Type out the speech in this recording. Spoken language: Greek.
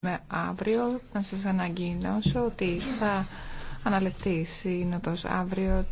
με αύριο. Να σας αναγκοινώσω ότι θα αναλευθεί η σύνοδος αύριο.